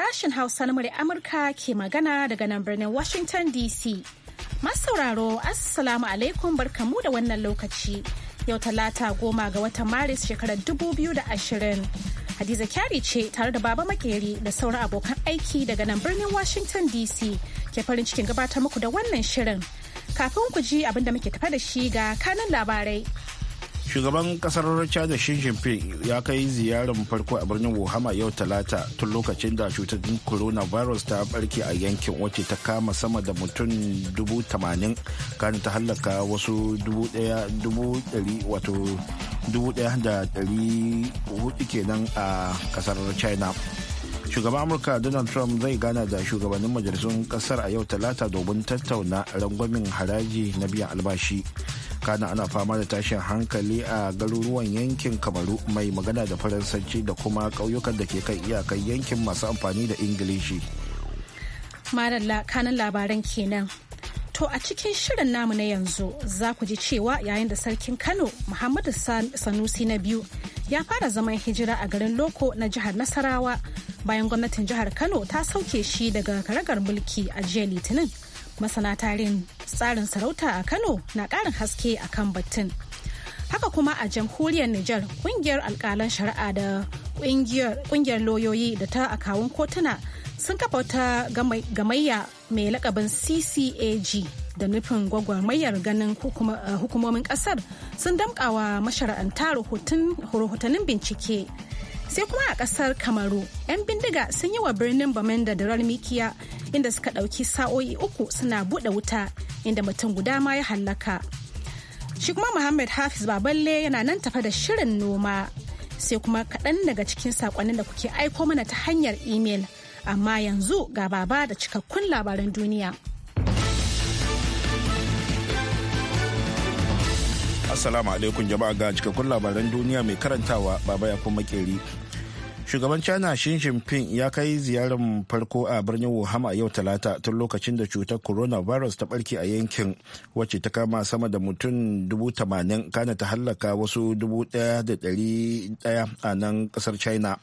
sashen Hausa na murya Amurka ke magana daga nan birnin Washington DC. Masauraro, Assalamu alaikum barkamu da wannan lokaci. Yau talata goma ga watan Maris shekarar dubu biyu da ashirin. Hadiza Kyari ce tare da Baba Makeri da sauran abokan aiki daga nan birnin Washington DC ke farin cikin gabatar muku da wannan shirin. Kafin ku ji abin da muke tafa da shi ga kanan labarai. shugaban kasar china xi jinping ya kai ziyarar farko a birnin wuhan yau talata tun lokacin da cutar coronavirus ta barke a yankin wacce ta kama sama da mutum dubu tamanin kan ta hallaka wasu dubu wato dubu da dari kenan a kasar china shugaban amurka donald trump zai gana da shugabannin majalisun kasar a yau talata domin tattauna rangwamin haraji na biyan albashi kana ana fama da tashin hankali a garuruwan yankin kamaru mai magana da faransanci da kuma ƙauyukan da ke kai iyakar yankin masu amfani da ingilishi maralla kanan labaran kenan To a cikin shirin namu na yanzu za ku ji cewa yayin da sarkin Kano Muhammadu Sanusi na biyu ya fara zaman hijira a garin Loko na jihar Nasarawa bayan gwamnatin jihar kano ta sauke shi daga karagar mulki a jiya litinin masana tarin tsarin sarauta a kano na karin haske a kan batun haka kuma a jamhuriyar niger kungiyar alkalan shari'a da kungiyar loyoyi da ta akawun kotuna sun kafa wata gamayya mai lakabin ccag da nufin gwagwarmayar ganin eh, hukumomin kasar sun damkawa mashara'anta rahotannin bincike sai kuma a kasar kamaru 'yan bindiga sun yi wa birnin bamenda da mikiya inda suka ɗauki sa'o'i uku suna buɗe wuta inda mutum guda ma ya hallaka shi kuma muhammad hafiz baballe yana nan tafa da shirin noma sai kuma kaɗan daga cikin saƙonnin da kuke aiko mana ta hanyar imel amma yanzu ga baba da cikakkun labaran duniya Assalamu alaikum jama'a ga cikakkun labaran duniya mai karantawa baba ya kuma makeri. shugaban china xi jinping ya kai ziyarar farko a birnin wuhan a yau talata tun lokacin da cutar coronavirus ta barke a yankin wacce ta kama sama da mutum 80,000 kana ta hallaka wasu 1,100 a nan kasar china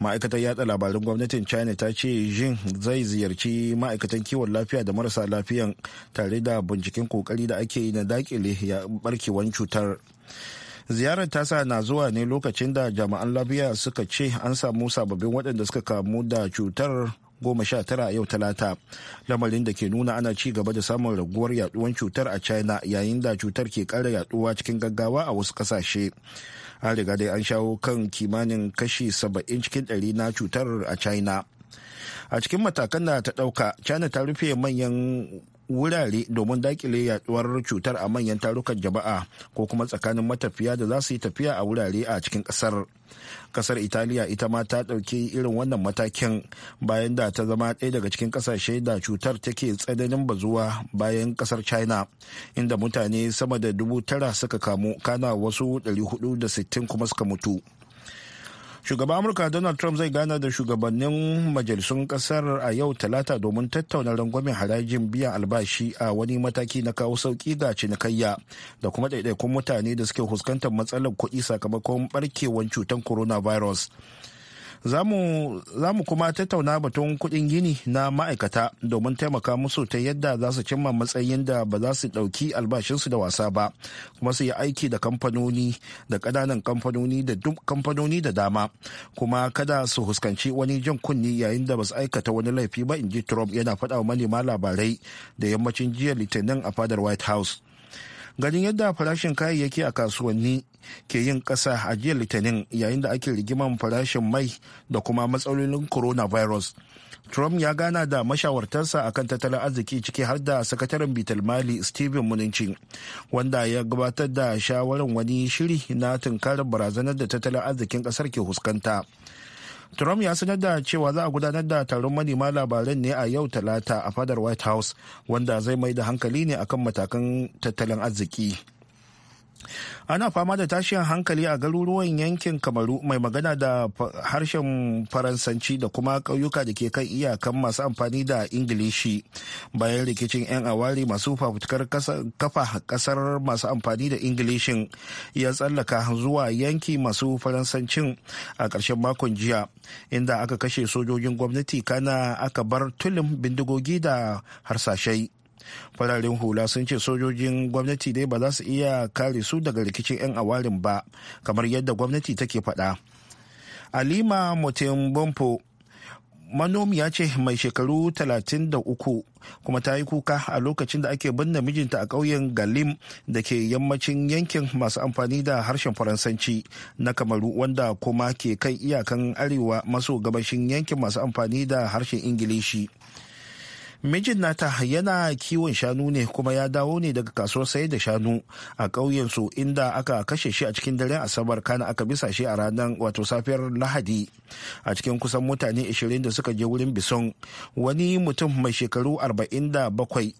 ma'aikatar yada labarin gwamnatin china ta ce jin zai ziyarci ma'aikatan kiwon lafiya da marasa lafiyan tare da binciken kokari da ake yi na dakile ya barkewan cutar ziyarar tasa na zuwa ne lokacin da jami'an lafiya suka ce an samu sababbin waɗanda suka kamu da cutar goma sha tara yau talata lamarin da ke nuna ana ci gaba da samun raguwar yaduwar cutar a china yayin da cutar ke kara yaduwa cikin gaggawa a wasu ƙasashe an riga dai an shawo kan kimanin kashi saba'in cikin ɗari na cutar a china a cikin matakan da ta ɗauka china ta rufe manyan wurare domin dakile yaduwar cutar a manyan tarukan jama'a ko kuma tsakanin matafiya da za su yi tafiya a wurare a cikin kasar kasar italiya ita ma ta ɗauki irin wannan matakin bayan da ta zama ɗaya daga cikin ƙasashe da cutar take tsananin bazuwa bayan ƙasar china inda mutane sama da dubu tara suka kamu kana wasu 460 kuma suka mutu shugaban amurka donald trump zai gana da shugabannin majalisun kasar a yau talata domin tattauna rangwamen harajin biyan albashi a wani mataki na kawo sauki ga cinikayya da kuma ɗaiɗaikun mutane da suke fuskantar matsalar kuɗi sakamakon barkewar cutar coronavirus. virus za mu kuma tattauna batun kuɗin gini na ma'aikata domin taimaka musu ta yadda za su cimma matsayin da ba za su ɗauki albashinsu da wasa ba kuma su yi aiki da kamfanoni da ƙananan kamfanoni da duk kamfanoni da dama kuma kada su huskanci wani jan kunni yayin da ba su aikata wani laifi ba in ji trump yana faɗa wa manema labarai da yammacin jiya litinin a fadar white house ganin yadda farashin kayayyaki a kasuwanni ke yin ƙasa a jiya litinin yayin da ake rigimar farashin mai da kuma matsalolin coronavirus trump ya gana da mashawartarsa akan tattalin arziki ciki har da sakataren bitel mali steven muninci wanda ya gabatar da shawarar wani shiri na tunkarar barazanar da tattalin arzikin ƙasar ke huskanta Trump ya sanar da cewa za a gudanar da taron manema labaran ne a yau talata a fadar White House wanda zai mai da hankali ne akan matakan tattalin arziki. ana fama da tashin hankali a garuruwan yankin kamaru mai magana da harshen faransanci da kuma ƙauyuka da ke kan iyakan masu amfani da ingilishi bayan rikicin 'yan awari masu fafutukar kafa ƙasar masu amfani da ingilishin ya tsallaka zuwa yanki masu faransancin a ƙarshen makon jiya inda aka kashe sojojin gwamnati kana aka bar tulin bindigogi da harsashai fararen hula sun ce sojojin gwamnati dai ba za su iya kare su daga rikicin 'yan awarin ba kamar yadda gwamnati take faɗa alima manomi manomiya ce mai shekaru 33 kuma ta yi kuka a lokacin da ake binne mijinta a ƙauyen galim da ke yammacin yankin masu amfani da harshen faransanci na kamaru wanda kuma ke kai iyakan arewa maso gabashin yankin masu amfani da harshen ingilishi mijin nata yana kiwon shanu ne kuma ya dawo ne daga kasuwar sayar da shanu a ƙauyensu inda aka kashe shi a cikin daren asabar kana aka bisa shi a ranar wato safiyar lahadi a cikin kusan mutane 20 da suka je wurin bison wani mutum mai shekaru 47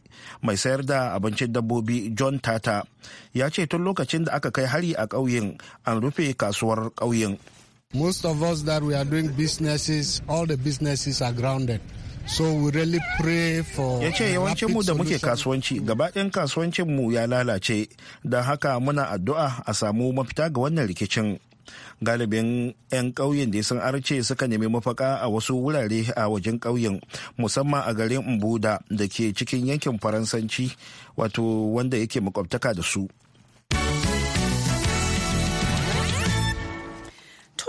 mai sayar da abincin dabbobi john tata ya ce tun lokacin da aka kai hari a ƙauyen an rufe kasuwar ƙauyen most of us that we are doing businesses all the businesses are grounded So we really pray for Ya ce yawancin mu da muke kasuwanci gabaɗin kasuwancin mu ya lalace don haka muna addu'a a samu mafita ga wannan rikicin. Galibin 'yan ƙauyen da sun arce suka nemi mafaka a wasu wurare a wajen ƙauyen musamman a garin Mbuda da ke cikin yankin Faransanci wato wanda yake makwabtaka da su.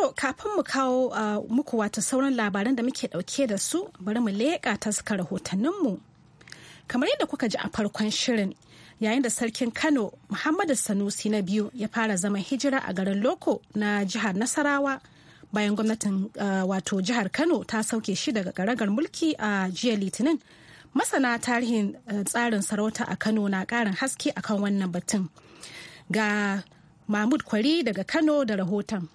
To kafin mu kawo ah, muku wata sauran labaran da muke ɗauke da su bari mu leƙa rahotannin rahotanninmu. Kamar yadda kuka ji a farkon shirin yayin da sarkin Kano Muhammadu Sanusi na biyu ya fara zaman hijira a garin Loko na jihar Nasarawa bayan gwamnatin ah, wato jihar Kano ta sauke shi daga garagar mulki a jiya Litinin. Masana tarihin eh, tsarin sarauta a Kano na ƙarin haske akan wannan batun. Ga Mahmud Kwari daga Kano da rahoton.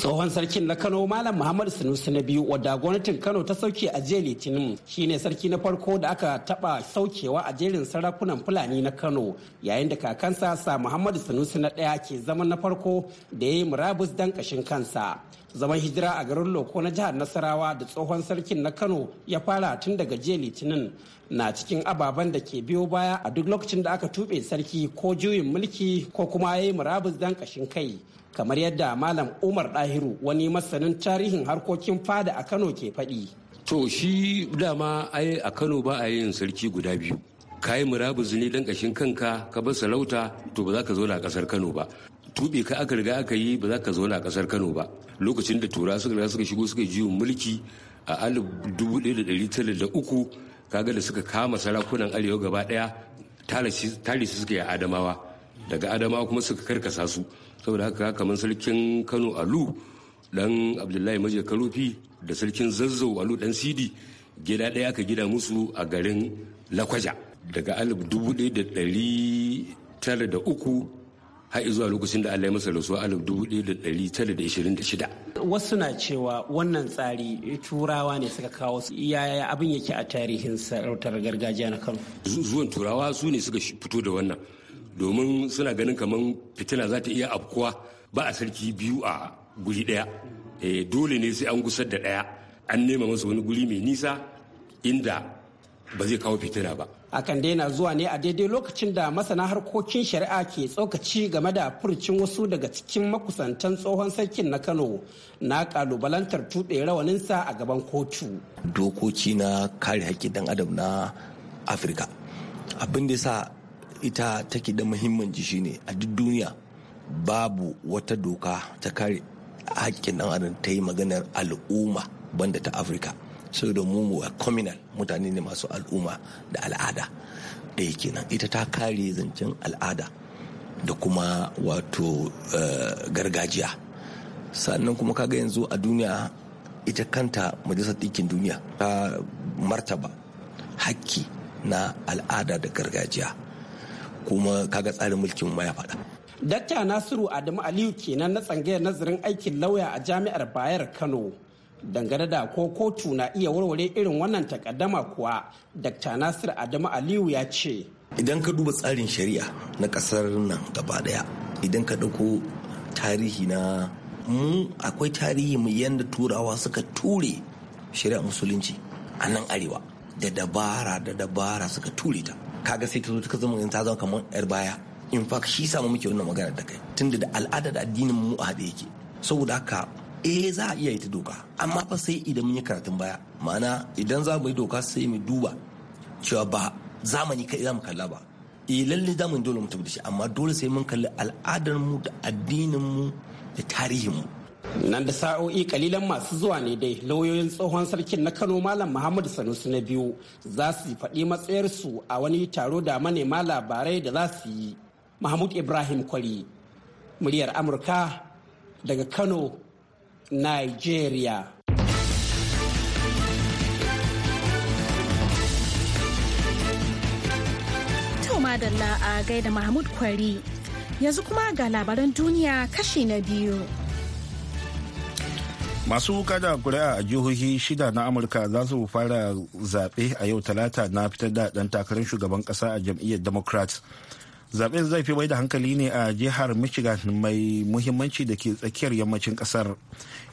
tsohon sarkin na kano malam muhammadu sanusi na biyu wadda gwamnatin kano ta sauke a jiya litinin shine sarki na farko da aka taba saukewa a jerin sarakunan fulani na kano yayin da kakansa sa muhammadu sanusi na daya ke zaman na farko da ya yi murabus dan kashin kansa zaman hijira a garin loko na jihar nasarawa da tsohon sarkin na kano ya fara tun daga jiya litinin na cikin ababen da ke biyo baya a duk lokacin da aka tuɓe sarki ko juyin mulki ko kuma ya yi murabus dan kashin kai kamar yadda malam umar dahiru wani masanin tarihin harkokin fada a kano ke faɗi to shi dama ai a kano ba a yin sarki guda biyu ka yi murabus ne dan kashin kanka ka bar sarauta to ba za ka zo na kasar kano ba tuɓe ka aka riga aka yi ba za ka zo na kasar kano ba lokacin da tura suka riga suka shigo suka juyin mulki a alif dubu ɗaya da ɗari tara da uku kaga da suka kama sarakunan arewa gaba ɗaya tarihi su suka yi adamawa daga adama kuma suka karkasa su saboda haka kamar sarkin kano alu dan abdullahi maje karofi da sarkin zazzau alu dan sidi gida daya aka gida musu a garin lakwaja daga alif dubu ɗaya da ɗari tara da uku har zuwa lokacin da Allah ya masa rasuwa alif dubu ɗaya da ɗari tara da ishirin da shida. Wasu na cewa wannan tsari turawa ne suka kawo su yaya abin yake a tarihin sarautar gargajiya na Kano. Zuwan turawa su ne suka fito da wannan. domin suna ganin kamar fitina za ta iya afkuwa ba a sarki biyu a guri daya eh, dole ne sai an gusar da ɗaya an nema masa wani guri mai nisa inda ba zai kawo fitina ba akan daina zuwa ne a daidai lokacin da masana harkokin shari'a ke tsokaci game da furcin wasu daga cikin makusantan tsohon sarkin na kano na kalubalantar tuɗe rawaninsa a gaban kotu dokoki na kare haƙƙin dan adam na afirka abin da sa ita take da muhimmanci shine a duk duniya babu wata doka ta kare haƙƙin ɗan adam ta yi maganar al'umma banda ta afirka saboda mu a communal mutane ne masu al'umma da al'ada da ɗaya kenan ita ta kare zancen al'ada da kuma wato eh, gargajiya sannan kuma kaga yanzu a duniya ita kanta majalisar ɗinkin duniya ta martaba haƙƙi na al'ada da gargajiya kuma kaga tsarin mulkin ma ya faɗa. Dakta Nasiru Adamu Aliyu kenan na tsangayar nazarin aikin lauya a jami'ar Bayar Kano. Dangane da ko kotu na iya warware irin wannan takaddama kuwa, Dakta Nasiru Adamu Aliyu ya ce. Idan ka duba tsarin shari'a na ƙasar nan gaba ɗaya, idan ka ɗauko tarihi na mu akwai tarihi mu yanda turawa suka ture shari'a musulunci a nan arewa da dabara da dabara suka ture ta kaga sai ta zo ta zama ta zama kamar yar baya in fa shi samu muke wannan magana da kai tunda da al'ada da addinin mu a haɗe yake saboda haka e za a iya yi ta doka amma fa sai idan mun yi karatun baya ma'ana idan za mu yi doka sai mu duba cewa ba zamani kai za mu kalla ba eh lalle zamani dole mu tafi da shi amma dole sai mun kalli al'adar mu da addinin mu da tarihin mu nan da sa'o'i kalilan masu zuwa ne dai lauyoyin tsohon sarkin na kano malam muhammadu sanusi na biyu za su faɗi matsayarsu a wani taro da manema labarai da za su yi mahmud ibrahim kwari muryar amurka daga kano nigeria madalla a gaida mahmud kwari yanzu kuma ga labaran duniya kashi na biyu masu wuka da kuri'a a jihohi shida na amurka za su fara zaɓe a yau talata na fitar da ɗan takarar shugaban ƙasa a jam'iyyar democrat zaɓen zai fi mai da hankali ne a jihar michigan mai muhimmanci da ke tsakiyar yammacin ƙasar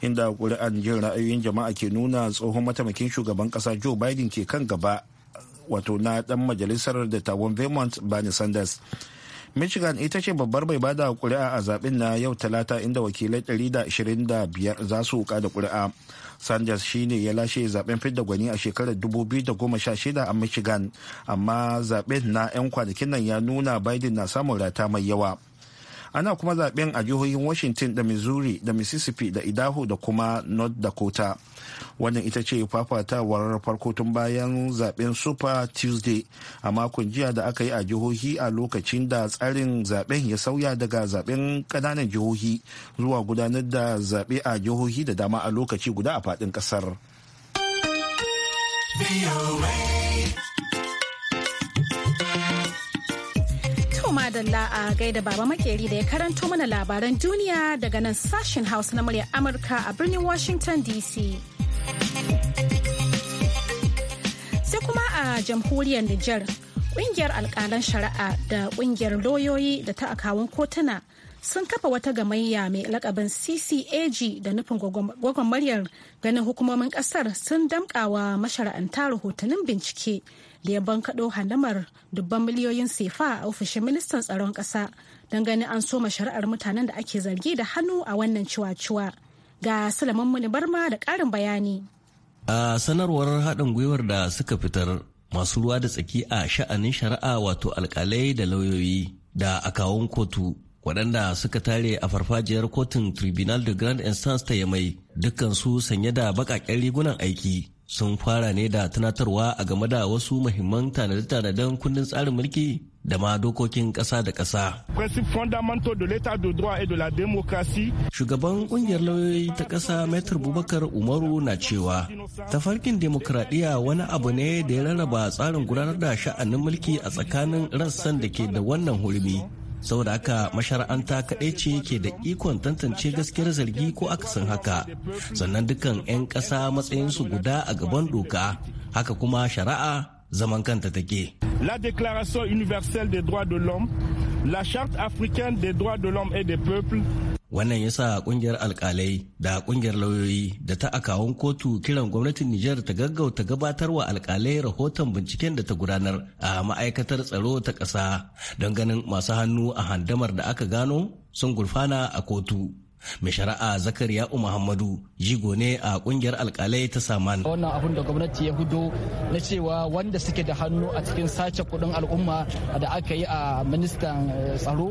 inda kuri'an jin ra'ayoyin jama'a ke nuna tsohon mataimakin shugaban ƙasa joe biden ke kan gaba wato na ɗan majalisar da tawon vermont bernie sanders michigan ita ce babbar mai bada kuri'a a zaben na yau talata inda wakilai 125 za su da kuri'a sanders shine ya lashe zaben fidda gwani a shekarar 2016 a michigan amma zaben na 'yan kwanakin nan ya nuna biden na samun rata mai yawa ana kuma zaben a jihohin washington da missouri da mississippi da idaho da kuma north dakota wannan ita ce fafatawar farko tun bayan zaben super tuesday a makon jiya da aka yi a jihohi a lokacin da tsarin zaben ya sauya daga zaben kananan jihohi zuwa gudanar da zaɓe a jihohi da dama a lokaci guda a faɗin ƙasar. madalla a gaida baba makeri da ya karanto mana labaran duniya daga nan sashen hausa na muryar Amurka a birnin Washington DC. Sai kuma a jamhuriyar Nijar, kungiyar alƙalan shari'a da kungiyar loyoyi da ta akawun kotuna sun kafa wata gamayya mai lakabin CCAG da nufin gwagwarmayar ganin hukumomin kasar sun damƙawa mashara'anta rahotannin bincike da ya kaɗo handamar dubban miliyoyin sefa a ofishin ministan tsaron ƙasa don ganin an soma shari'ar mutanen da ake zargi da hannu a wannan ciwa-ciwa ga salaman muni barma da ƙarin bayani a sanarwar haɗin gwiwar da suka fitar masu ruwa da tsaki a sha'anin shari'a wato alkalai da lauyoyi da akawun kotu waɗanda suka tare a farfajiyar kotun tribunal de grand instance ta yamai dukkansu sanye da baƙaƙen rigunan aiki sun fara ne da tunatarwa a game da wasu muhimman tanade-tanaden kundin tsarin mulki da ma dokokin ƙasa da ƙasa. Shugaban ƙungiyar lauyoyi ta ƙasa Maitar Bubakar Umaru na cewa tafarkin demokradiyya wani abu ne da ya rarraba tsarin gudanar da sha'anin mulki a tsakanin rassan da ke da wannan hurmi. saboda haka mashara'anta kaɗai ce ke da ikon tantance gaskiyar zargi ko akasin haka sannan dukkan 'yan ƙasa matsayinsu guda a gaban doka haka kuma shari'a zaman kanta take la déclaration universelle des droits de l'homme la charte africaine des droits de l'homme et des peuples wannan ya sa kungiyar alkalai da kungiyar lauyoyi da ta akawun kotu kiran gwamnatin nijar ta gaggauta gabatarwa alkalai rahoton binciken da ta gudanar a ma'aikatar tsaro ta ƙasa don ganin masu hannu a handamar da aka gano sun gurfana a kotu mai shari'a zakariya muhammadu jigo ne a kungiyar alkalai ta saman wannan abun da gwamnati ya hudo na cewa wanda suke da hannu a cikin sace kudin al'umma da aka yi a ministan eh, tsaro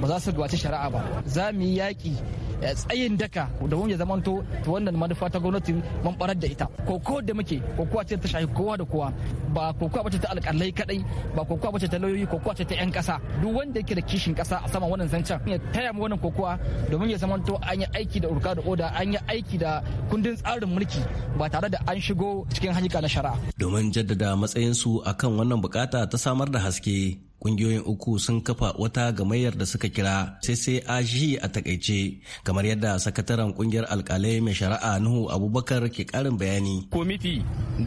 ba za su gabaci shari'a ba za mu yi yaƙi eh, tsayin daka da ya zamanto wannan manufa ta gwamnati mun barar da ita koko da muke kokowa ce ta shafi kowa da kowa ba kokowa bace ta alƙalai kadai ba kokowa bace ta lauyoyi kokowa ta yan ƙasa duk wanda yake da kishin ƙasa a saman wannan zancen ya taya mu wannan kokowa domin ya zamanto zamanto an yi aiki da urka da oda an yi aiki da kundin tsarin mulki ba tare da an shigo cikin hanyuka na shari'a. domin jaddada matsayinsu a kan wannan bukata ta samar da haske kungiyoyin uku sun kafa wata gamayyar da suka kira sai sai a takaice kamar yadda sakataren kungiyar alkalai mai shari'a Nuhu Abubakar ke karin bayani. Komiti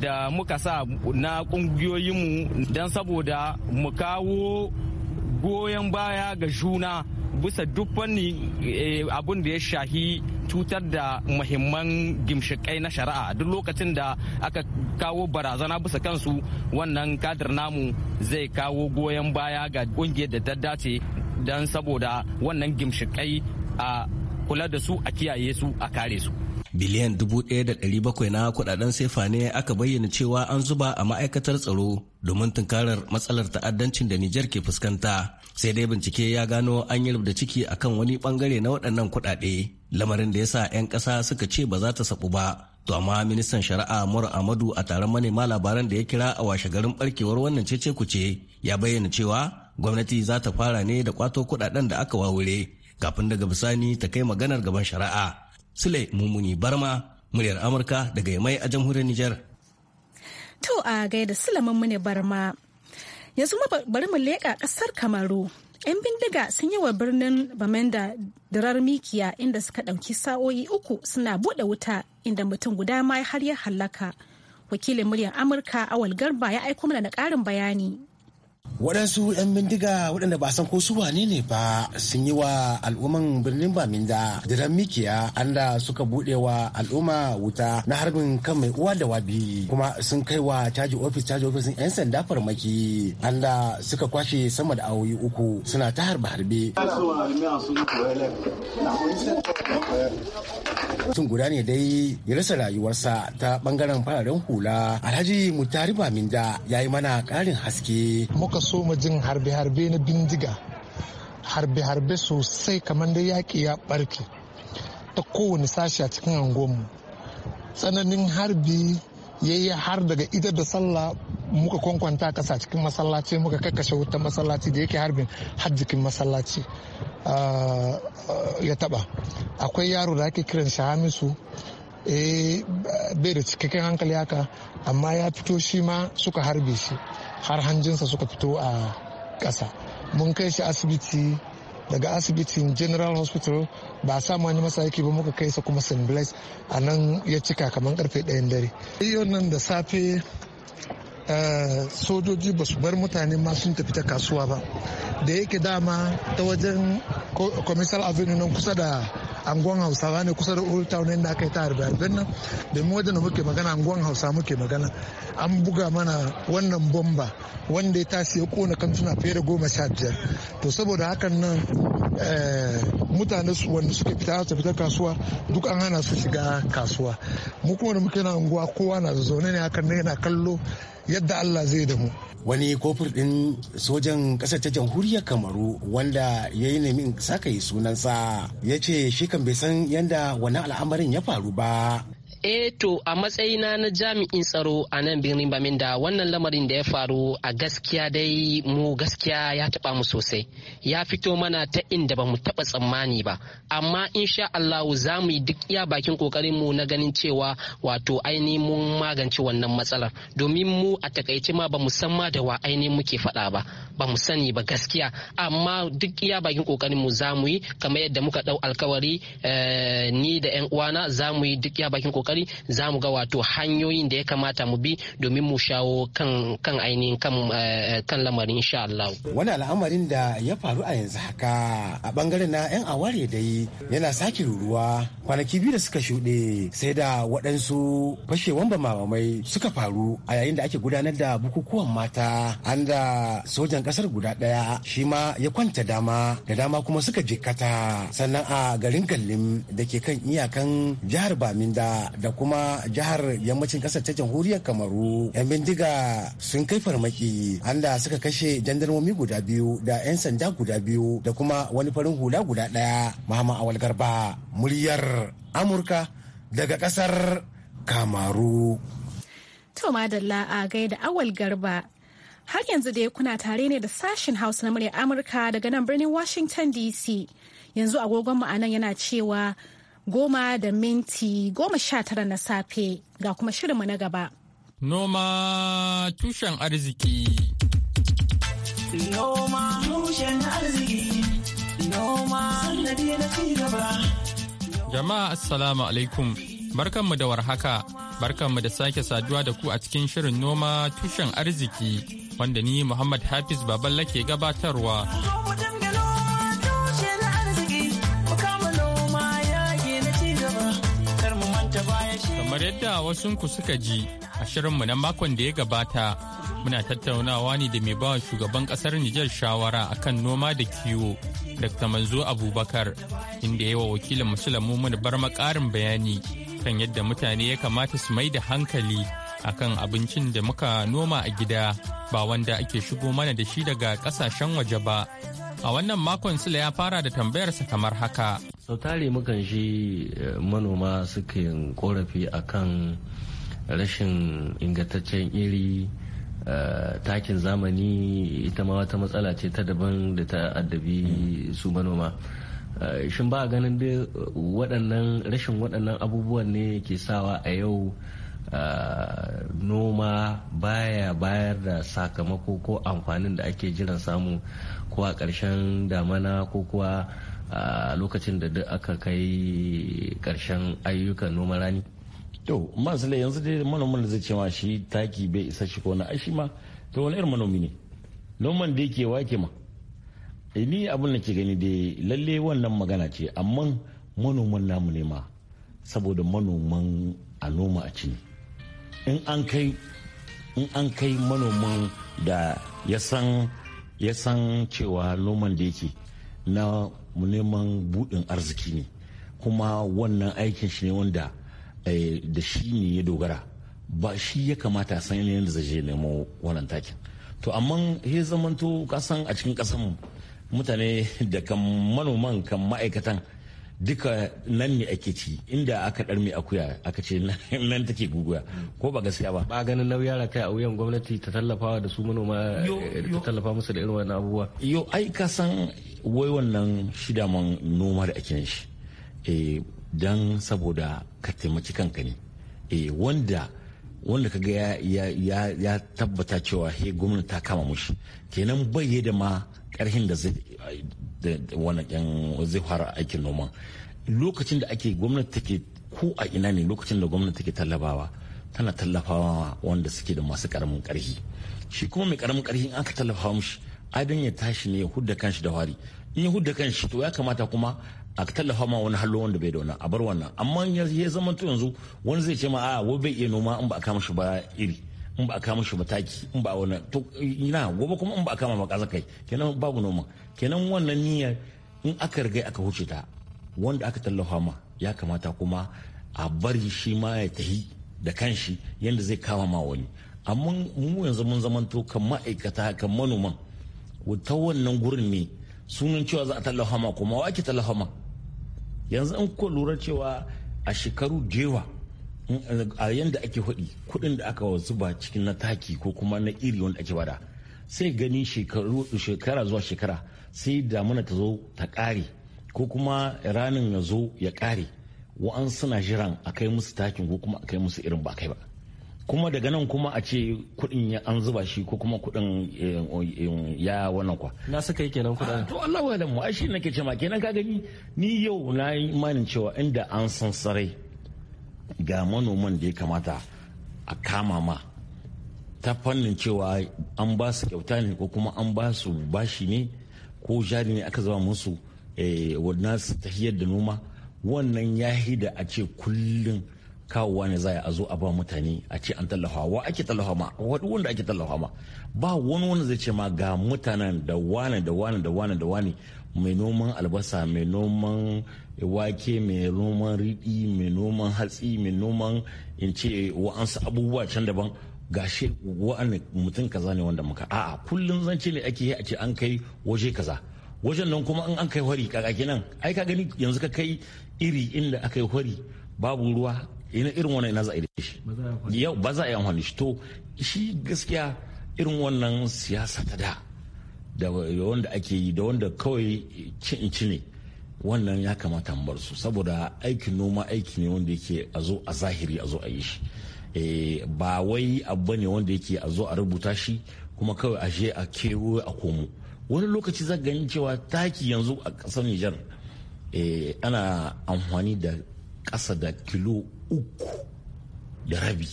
da muka sa na kungiyoyinmu don saboda mu kawo goyon baya ga juna bisa duk wani eh, abun da ya shahi cutar da muhimman gimshikai na shari'a duk lokacin da aka kawo barazana bisa kansu wannan kadar namu zai kawo goyon baya ga kungiyar da ta don saboda wannan gimshikai a kula da su a kiyaye su a kare su biliyan 1,700 na kudaden sefa ne aka bayyana cewa an zuba a ma'aikatar tsaro domin tunkarar matsalar ta'addancin da Nijar ke fuskanta. Sai dai bincike ya gano an yi rubda ciki akan wani bangare na waɗannan kuɗaɗe, lamarin da ya sa 'yan ƙasa suka ce ba za ta saɓu ba. To amma ministan shari'a Mura Amadu a taron manema labaran da ya kira a washe garin barkewar wannan cece kuce ya bayyana cewa gwamnati za ta fara ne da kwato kuɗaɗen da aka wawure kafin daga bisani ta kai maganar gaban shari'a. Sule Mumuni Barma, muryar Amurka daga Yamai a jamhuriyar Nijar. To a gaida Sule Mumuni Barma. Yanzu bari mu leƙa ƙasar Kamaru. 'Yan bindiga sun yi wa birnin Bamenda dirar mikiya inda suka ɗauki sa'o'i uku suna buɗe wuta inda mutum guda ma har ya hallaka. Wakilin muryar Amurka Awal Garba ya aiko mana da ƙarin bayani. waɗansu 'yan bindiga waɗanda ba san ko su wane ne ba sun yi wa al'umman birnin baminda ran mikiya anda suka buɗe wa al'umma wuta na harbin kan mai uwa da wabi kuma sun kai wa caji ofis caji ofis 'yan sanda farmaki anda suka kwashe sama da awoyi uku suna ta harbe harbe sun guda ne dai ya rasa rayuwarsa ta bangaren fararen hula alhaji mutari baminda ya yi mana ƙarin haske muka soma jin harbe-harbe na bindiga harbe-harbe sosai kamar da yaƙi ya ɓarke ta kowane sashi a cikin angonmu tsananin harbi ya yi har daga ita da sallah muka kwankwanta kasa cikin masallaci muka kashe wuta masallaci da yake harbin har jikin masallaci ah, ah, ya taba akwai yaro da ake kiran shi hamisu eh, bai da cikakken hankali haka amma ya fito shi ma suka harbe shi har hanjinsa suka fito a ƙasa mun kai shi asibiti daga asibitin general hospital ba a samu wani masa yake ba muka kai sa kuma st blaise a nan ya cika kamar karfe ɗayan dare yau nan da safe eh, sojoji ba su bar mutane ma sun tafi ta kasuwa ba da yake dama ta wajen commercial avenue nan kusa da angon hausawa ne kusa da old town inda aka yi ta harbe harben nan domin wajen da muke magana angon hausa muke magana an buga mana wannan bomba wanda ya tashi ya kona kantuna fiye da goma sha biyar to saboda hakan nan eh, mutane wanda suke fita a fita kasuwa duk an hana su shiga kasuwa mu kuma da muke na unguwa kowa na zaune ne hakan ne yana kallo yadda Allah zai da mu. Wani kofur ɗin sojan ƙasar ta jamhuriyar Kamaru wanda ya yi nemin sakai sunansa ya ce shi kan bai san yadda wani al'amarin ya faru ba eh to a matsayina na jami'in tsaro a nan birnin baminda wannan lamarin da ya faru a gaskiya dai mu gaskiya ya taba mu sosai ya fito mana ta inda ba mu taba tsammani ba amma insha Allah za mu yi duk iya bakin kokarin mu na ganin cewa wato ainihin mun magance wannan matsalar domin mu a takaice ma ba mu san ma da wa ainihin muke faɗa ba ba mu sani ba gaskiya amma duk iya bakin kokarin mu za mu yi kamar yadda muka dau alkawari eh, ni da yan uwana za mu yi duk iya bakin kokarin kokari za mu ga wato hanyoyin da ya kamata mu bi domin mu shawo kan ainihin eh, kan lamarin insha Allah wani al'amarin da ya faru a yanzu haka a bangaren na yan aware dai yana sake ruruwa kwanaki biyu da suka shuɗe sai da waɗansu fashewan bamamai suka faru a yayin da ake gudanar da bukukuwan mata an da sojan ƙasar guda ɗaya shi ma ya kwanta dama da dama kuma suka jikkata sannan a garin gallim da ke kan iyakan jihar baminda da kuma jihar yammacin kasar ta jamhuriyar kamaru yan bindiga sun kai farmaki anda suka kashe jandarmomi guda biyu da yan sanda guda biyu da kuma wani farin hula guda daya mahama awal garba muryar amurka daga kasar kamaru to madalla a gaida awal garba har yanzu dai kuna tare ne da sashen hausa na murya amurka daga nan birnin washington dc yanzu agogonmu a nan yana cewa goma da minti goma sha tara na safe ga kuma shirinmu na gaba. Noma tushen arziki. Noma tushen arziki. Noma sannadi na ci gaba. Jama'a Assalamu alaikum. Barkanmu da warhaka. Barkanmu da sake saduwa da ku a cikin shirin noma tushen arziki wanda ni Muhammad Hafiz Baballa ke gabatarwa. yadda ku suka ji a shirinmu na makon da ya gabata muna tattaunawa ne da mai bawa shugaban kasar Nijar shawara akan noma da kiwo Dr. Manzo Abubakar inda ya wakilin Musulamu bar makarin bayani kan yadda mutane ya kamata su mai da hankali akan abincin da muka noma a gida ba wanda ake shigo mana da shi daga kasashen waje ba A wannan makon sila ya fara da tambayarsa kamar haka. Sau tare mukan shi eh, manoma suke korafi a kan rashin ingantaccen iri eh, takin zamani ita ma wata matsala ce ta daban da ta addabi su manoma. Eh, shin ba ganin waɗannan rashin waɗannan abubuwan ne ke sawa a yau. noma baya bayar da sakamako ko amfanin da ake jiran samu ko a ƙarshen damana ko kuwa a lokacin da duk aka kai ƙarshen ayyukan noma rani to masu yanzu dai manoman da zai ce ma shi taki bai isa shi ko na ashi ma to wani irin manomi ne noman da yake wake ma eh, ni abin da ke gani dai lalle wannan magana ce amma manoman namu ne ma saboda manoman a noma a ci in an kai manomin da ya san cewa noman da yake na neman buɗin arziki ne kuma wannan aikin shi ne wanda eh, da shi ne ya dogara ba shi ya kamata san yadda zai nemo wannan takin to amma ya zamanto kasan a cikin kasan mutane da kan manoman kan ma'aikatan duka nan ne ake ci inda aka ɗar mai akuya aka ce nan take guguya ko ba gaskiya ba ba ganin nauyi yara kai a wuyan gwamnati ta tallafawa da su manoma eh, ta tallafa musu da irin wannan abubuwa yo ai ka san wai wannan shida man noma da ake shi eh dan saboda ka taimaki kanka ne eh wanda wanda kaga ya ya ya tabbata cewa he gwamnati ta kama mushi kenan bai da ma karhin da zai fara aikin noman lokacin da ake gwamnati take ko a ina ne lokacin da gwamnati take tallafawa tana tallafawa wanda suke da masu karamin karhi shi kuma mai karamin karhi an aka tallafa mushi adon ya tashi ne ya hudda kanshi da wari in ya hudda kanshi to ya kamata kuma a tallafa ma wani hallo wanda bai da wannan a bar wannan amma ya zama to yanzu wani zai ce ma a wai bai iya noma in ba a kama shi ba iri in ba a kama shi mataki in ba wani to ina gobe kuma in ba a kama makaza kai kenan babu noma kenan wannan niyyar in aka riga aka huce ta wanda aka tallafa ma ya kamata kuma a bari shi ma ya tahi da kanshi yadda zai kama ma wani amma mu yanzu mun zamanto kan ma'aikata kan manoman ta wannan gurin ne sunan cewa za a tallafa ma kuma wa ake tallafa ma yanzu in ko lura cewa a shekaru jewa. a yadda ake hudi kuɗin da aka zuba cikin na taki ko kuma na iri wanda ake bada sai gani shekara zuwa shekara sai damuna ta zo ta ƙare ko kuma ranin ya zo ya ƙare wa'an suna jiran a kai musu takin ko kuma a kai musu irin ba kai ba kuma daga nan kuma a ce kuɗin an zuba shi ko kuma kuɗin eh, eh, ya wannan kwa na suka yi kenan kudin ah, to Allah wa da mu ai shi nake cewa kenan ka gani ni yau na yi imanin cewa inda an san sarai ga manoman da ya kamata a kama ma ta fannin cewa an ba su kyauta ne ko kuma an ba su bashi ne ko jari ne aka zama musu wadda eh, su tahiyar da noma wannan ya da a ce kullum kawowa ne za a zo a ba mutane a ce an tallafa wa ake tallafa ma wanda ake tallafa ma ba wani wanda zai ce ma ga mutanen da wane da wane da wane da wane mai noman albasa mai noman wake mai noman riɗi mai noman hatsi mai noman in ce wa'ansu abubuwa can daban shi wa'anda mutum kaza ne wanda muka a'a kullum zance ne ake yi a ce an kai waje kaza wajen nan kuma in an kai hori kaga kenan ai ka gani yanzu ka kai iri inda aka yi hori babu ruwa ina irin wannan ina za a yi shi yau ba za a yi amfani shi to shi gaskiya irin wannan siyasa ta da da wanda ake yi da wanda kawai cin ci ne wannan ya kamata mu bar su saboda aikin noma aiki ne wanda yake a zo a zahiri a zo a yi shi eh, ba wai abu ne wanda yake a zo a rubuta shi kuma kawai a je a kewo a komo wani lokaci za gani cewa taki yanzu a ƙasar Nijar eh, ana amfani da ƙasa da kilo uku da rabi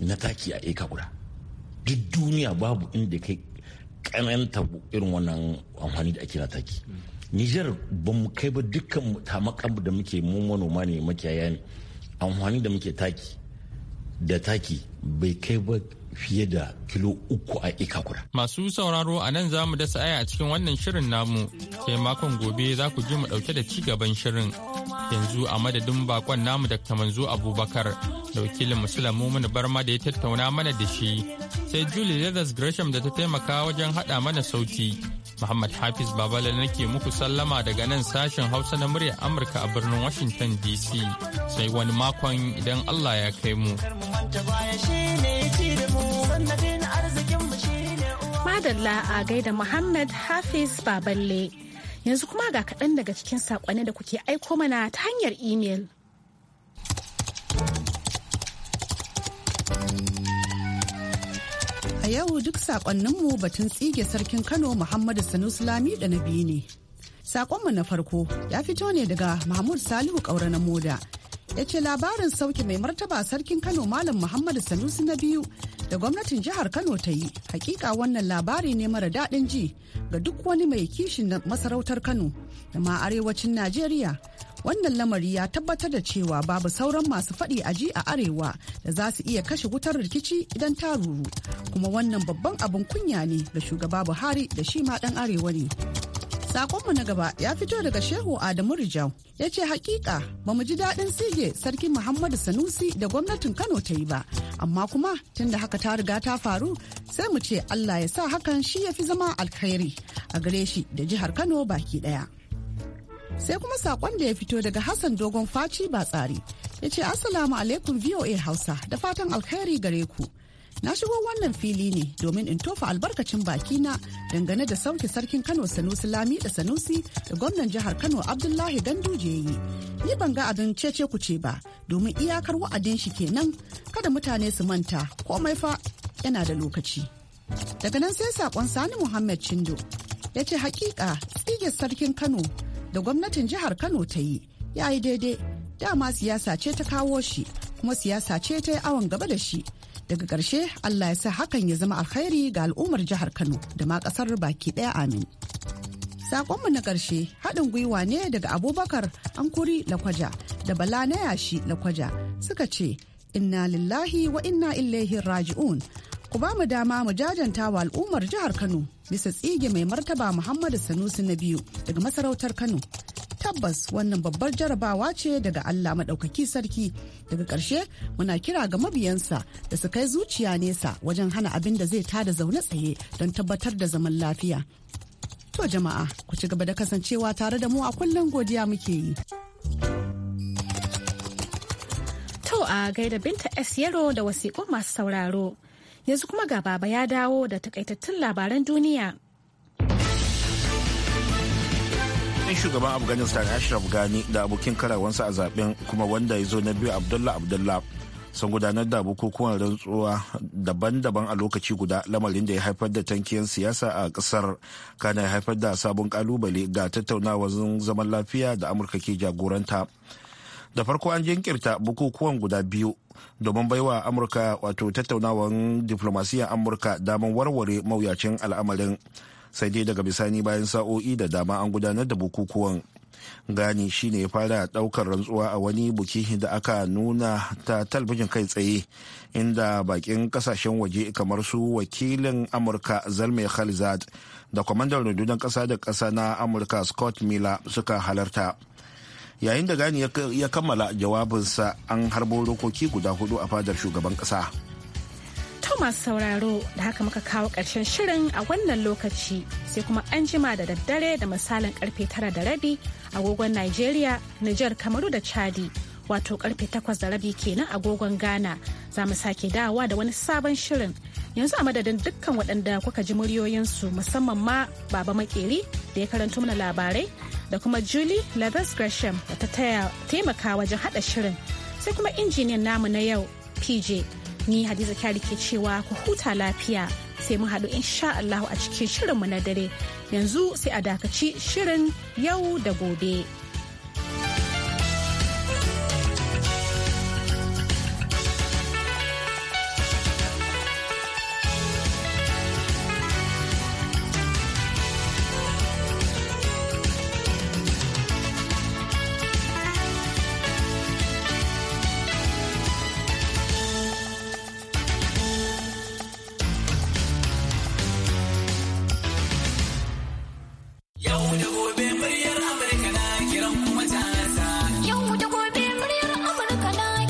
na taki a eka guda duk duniya babu inda kai kananta irin wannan amfani da ake na taki nijar ba mu kai ba dukkan tamakan da muke mu manoma ne makiyaya ne amfani da muke taki da taki bai kai ba fiye da kilo uku a ikakura. Masu sauraro a nan za mu dasa aya a cikin wannan shirin namu sai makon gobe za ku ji mu ɗauke da cigaban shirin. Yanzu a madadin bakon namu da manzo Abubakar da wakilin Musulun Mumunu Barma da ya tattauna mana da shi. Sai Julie Leathers Gresham da ta taimaka wajen haɗa mana sauti. Muhammad Hafiz Babala nake muku sallama daga nan sashen Hausa na muryar Amurka a birnin Washington DC. Sai wani makon idan Allah ya kai mu. madalla a gaida Muhammad Hafiz Baballe. Yanzu kuma ga kaɗan daga cikin saƙonni da kuke aiko mana ta hanyar imel. A yau duk saƙonninmu batun tsige sarkin Kano Muhammadu Sanusi Lami da na biyu ne. Saƙonmu na farko ya fito ne daga Mahmud Salihu Ƙaura na Moda ya ce labarin sauki mai martaba sarkin kano malam muhammadu sanusi na biyu da gwamnatin jihar kano ta yi hakika wannan labari ne mara daɗin ji ga duk wani mai kishin masarautar kano da ma arewacin najeriya wannan lamari ya tabbatar da cewa babu sauran masu faɗi a ji a arewa da za su iya kashe wutar rikici idan ta ruru kuma wannan babban abin kunya ne ga shugaba buhari da shi ma ɗan arewa ne Sakonmu na gaba ya fito daga Shehu Adamu Rijau ya ce hakika ba mu ji daɗin sige Sarki Muhammadu Sanusi da gwamnatin Kano ta yi ba, amma kuma tunda haka ta riga ta faru sai mu ce Allah ya sa hakan shi ya fi zama alkhairi a gare shi da jihar Kano baki ɗaya. Sai kuma sakon da ya fito daga Hassan Dogon Faci ba tsari ya ce Assalamu alaikum VOA Hausa da fatan alkhairi gare ku. Na shigo wannan fili ne domin in tofa albarkacin bakina dangane da sauke sarkin Kano Sanusi Lami da Sanusi da gwamnan jihar Kano Abdullahi Ganduje yi. Ni ban ga abin cece ku ce ba domin iyakar wa'adin shi kenan kada mutane su manta komai fa yana da lokaci. Daga nan sai sakon Sani Muhammad Chindo ya ce hakika tsige sarkin Kano da gwamnatin jihar Kano ta yi ya yi daidai dama siyasa ce ta kawo shi kuma siyasa ce ta yi awon gaba da shi daga ƙarshe allah ya sa hakan ya zama alkhairi ga al'ummar jihar kano da ma ƙasar baki ɗaya amin sakonmu na ƙarshe haɗin gwiwa ne daga abubakar ankuri lakwaja da bala na yashi lakwaja suka ce inna lillahi wa inna ilaihi raji'un ku ba mu dama mu jajanta wa al'ummar jihar kano bisa tsige mai martaba muhammadu sanusi na biyu daga masarautar kano tabbas wannan babbar jarabawa ce daga Allah maɗaukaki sarki. Daga ƙarshe muna kira ga mabiyansa da su kai zuciya nesa wajen hana abin da zai tada zaune tsaye don tabbatar da zaman lafiya. To jama'a ku ci gaba da kasancewa tare da mu a kullum godiya muke yi. To a gaida binta S Yaro da wasiƙun masu sauraro. Yanzu kuma ga baba ya dawo da takaitattun labaran duniya. an shugaban afghanistan ashraf gani da abokin karawansa a zaben kuma wanda ya zo na biyu abdullah abdullah sun gudanar da bukukuwan rantsuwa daban-daban a lokaci guda lamarin da ya haifar da tankiyar siyasa a kasar kana ya haifar da sabon kalubale ga tattaunawar zaman lafiya da amurka ke jagoranta da farko an jinkirta bukukuwan guda biyu domin baiwa amurka wato tattaunawar diflomasiyyar amurka damar warware mawuyacin al'amarin sai dai daga bisani bayan sa'o'i da dama an gudanar da bukukuwan gani shine ya fara daukar rantsuwa a wani buki da aka nuna ta talbijin kai tsaye inda bakin kasashen waje kamar su wakilin amurka zalmai khalizad da kwamandan rundunar kasa da kasa na amurka scott miller suka halarta yayin da gani ya kammala jawabinsa an harbo dokoki guda hudu a fadar shugaban kasa. To masu sauraro da haka muka kawo ƙarshen shirin a wannan lokaci sai kuma an jima da daddare da misalin karfe tara da rabi agogon Nigeria, niger Kamaru da Chadi wato karfe takwas da rabi kenan agogon Ghana za mu sake dawa da wani sabon shirin yanzu a madadin dukkan waɗanda kuka ji muryoyinsu musamman ma Baba Makeri da ya karanto mana labarai da kuma Julie lavis Gresham da ta taimaka wajen haɗa shirin sai kuma injiniyan namu na yau PJ. Ni Hadiza Kyari ke cewa ku huta lafiya sai mu haɗu insha Allahu a cikin shirinmu na dare. Yanzu sai a dakaci shirin yau da gobe.